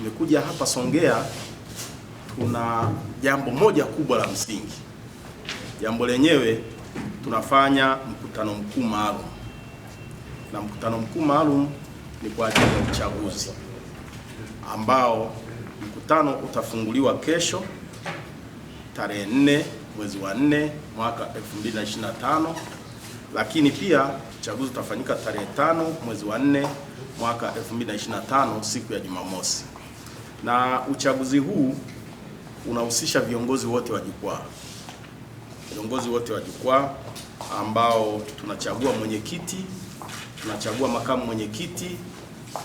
tumekuja hapa Songea, tuna jambo moja kubwa la msingi. Jambo lenyewe tunafanya mkutano mkuu maalum, na mkutano mkuu maalum ni kwa ajili ya uchaguzi ambao mkutano utafunguliwa kesho tarehe 4 mwezi wa 4 mwaka 2025, lakini pia uchaguzi utafanyika tarehe 5 mwezi wa 4 mwaka 2025 siku ya Jumamosi na uchaguzi huu unahusisha viongozi wote wa jukwaa, viongozi wote wa jukwaa ambao tunachagua mwenyekiti, tunachagua makamu mwenyekiti,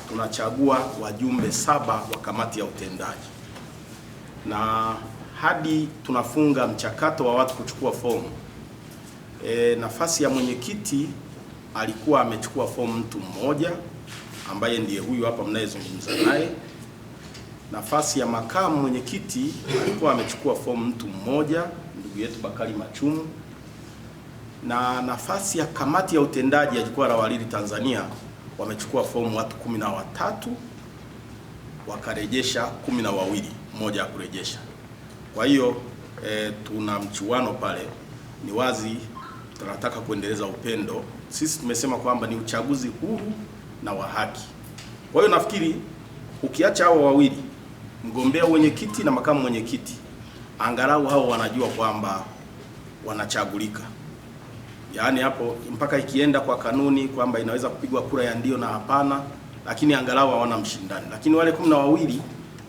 tunachagua wajumbe saba wa kamati ya utendaji, na hadi tunafunga mchakato wa watu kuchukua fomu e, nafasi ya mwenyekiti alikuwa amechukua fomu mtu mmoja ambaye ndiye huyu hapa mnayezungumza naye nafasi ya makamu mwenyekiti alikuwa amechukua fomu mtu mmoja, ndugu yetu Bakari Machumu, na nafasi ya kamati ya utendaji ya Jukwaa la Wahariri Tanzania wamechukua fomu watu kumi na watatu wakarejesha kumi na wawili, mmoja ya kurejesha. Kwa hiyo e, tuna mchuano pale. Ni wazi tunataka kuendeleza upendo. Sisi tumesema kwamba ni uchaguzi huru na wa haki. Kwa hiyo nafikiri ukiacha hao wawili mgombea mwenyekiti na makamu mwenyekiti, angalau hao wanajua kwamba wanachagulika. Yaani hapo mpaka ikienda kwa kanuni kwamba inaweza kupigwa kura ya ndio na hapana, lakini angalau hawana mshindani. Lakini wale kumi na wawili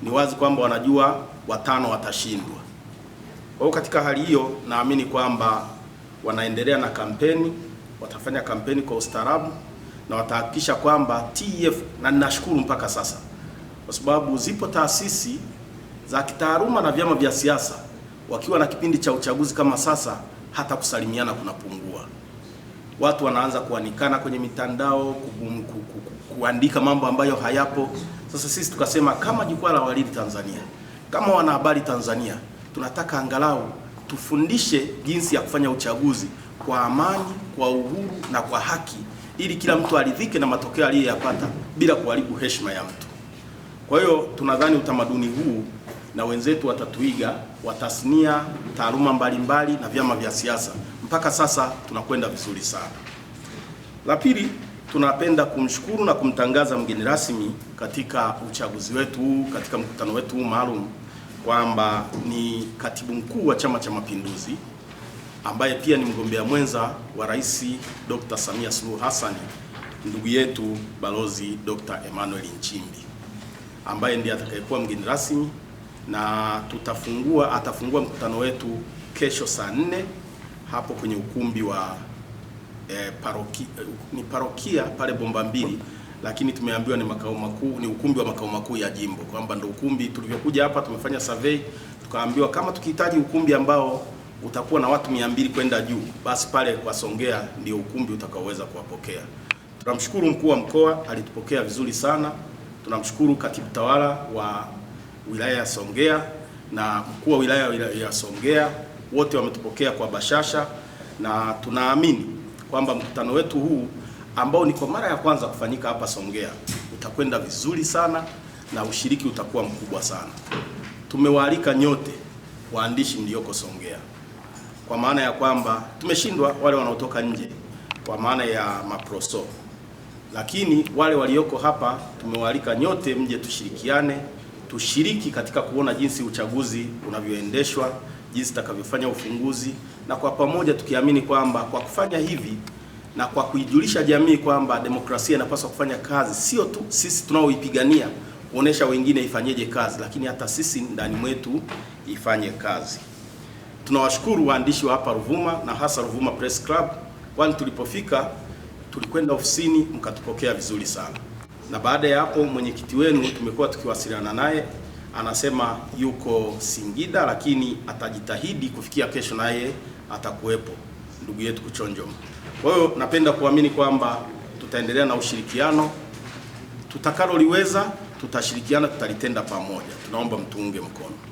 ni wazi kwamba wanajua watano watashindwa. Kwa hiyo katika hali hiyo, naamini kwamba wanaendelea na kampeni, watafanya kampeni kwa ustaarabu na watahakikisha kwamba TEF na ninashukuru mpaka sasa kwa sababu zipo taasisi za kitaaluma na vyama vya siasa wakiwa na kipindi cha uchaguzi kama sasa, hata kusalimiana kunapungua. Watu wanaanza kuanikana kwenye mitandao kuandika mambo ambayo hayapo. Sasa sisi tukasema kama jukwaa la walidi Tanzania, kama wanahabari Tanzania, tunataka angalau tufundishe jinsi ya kufanya uchaguzi kwa amani, kwa uhuru na kwa haki, ili kila mtu aridhike na matokeo aliyoyapata bila kuharibu heshima ya mtu. Kwa hiyo tunadhani utamaduni huu na wenzetu watatuiga watasnia taaluma mbalimbali na vyama vya siasa. Mpaka sasa tunakwenda vizuri sana. La pili, tunapenda kumshukuru na kumtangaza mgeni rasmi katika uchaguzi wetu huu, katika mkutano wetu huu maalum kwamba ni katibu mkuu wa Chama cha Mapinduzi ambaye pia ni mgombea mwenza wa Rais Dr. Samia Suluhu Hassan, ndugu yetu Balozi Dr. Emmanuel Nchimbi ambaye ndiye atakayekuwa mgeni rasmi na tutafungua atafungua mkutano wetu kesho saa nne hapo kwenye ukumbi wa e, paroki, eh, ni parokia pale Bomba Mbili, lakini tumeambiwa ni makao makuu, ni ukumbi wa makao makuu ya jimbo, kwamba ndio ukumbi. Tulivyokuja hapa tumefanya survey tukaambiwa kama tukihitaji ukumbi ambao utakuwa na watu 200 kwenda juu, basi pale kwa Songea ndio ukumbi utakaoweza kuwapokea. Tunamshukuru mkuu wa mkoa, alitupokea vizuri sana. Tunamshukuru katibu tawala wa wilaya ya Songea na mkuu wa wilaya ya Songea, wote wametupokea kwa bashasha, na tunaamini kwamba mkutano wetu huu ambao ni kwa mara ya kwanza kufanyika hapa Songea utakwenda vizuri sana na ushiriki utakuwa mkubwa sana. Tumewaalika nyote waandishi mlioko Songea, kwa maana ya kwamba tumeshindwa wale wanaotoka nje, kwa maana ya maproso lakini wale walioko hapa tumewaalika nyote mje tushirikiane, tushiriki katika kuona jinsi uchaguzi unavyoendeshwa, jinsi takavyofanya ufunguzi, na kwa pamoja tukiamini kwamba kwa kufanya hivi na kwa kuijulisha jamii kwamba demokrasia inapaswa kufanya kazi, sio tu sisi tunaoipigania kuonesha wengine ifanyeje kazi, lakini hata sisi ndani mwetu ifanye kazi. Tunawashukuru waandishi wa hapa Ruvuma na hasa Ruvuma Press Club kwani tulipofika tulikwenda ofisini mkatupokea vizuri sana, na baada ya hapo mwenyekiti wenu tumekuwa tukiwasiliana naye, anasema yuko Singida, lakini atajitahidi kufikia kesho, naye atakuwepo ndugu yetu Kuchonjo. Kwa hiyo napenda kuamini kwamba tutaendelea na ushirikiano, tutakaloliweza tutashirikiana, tutalitenda pamoja. Tunaomba mtuunge mkono.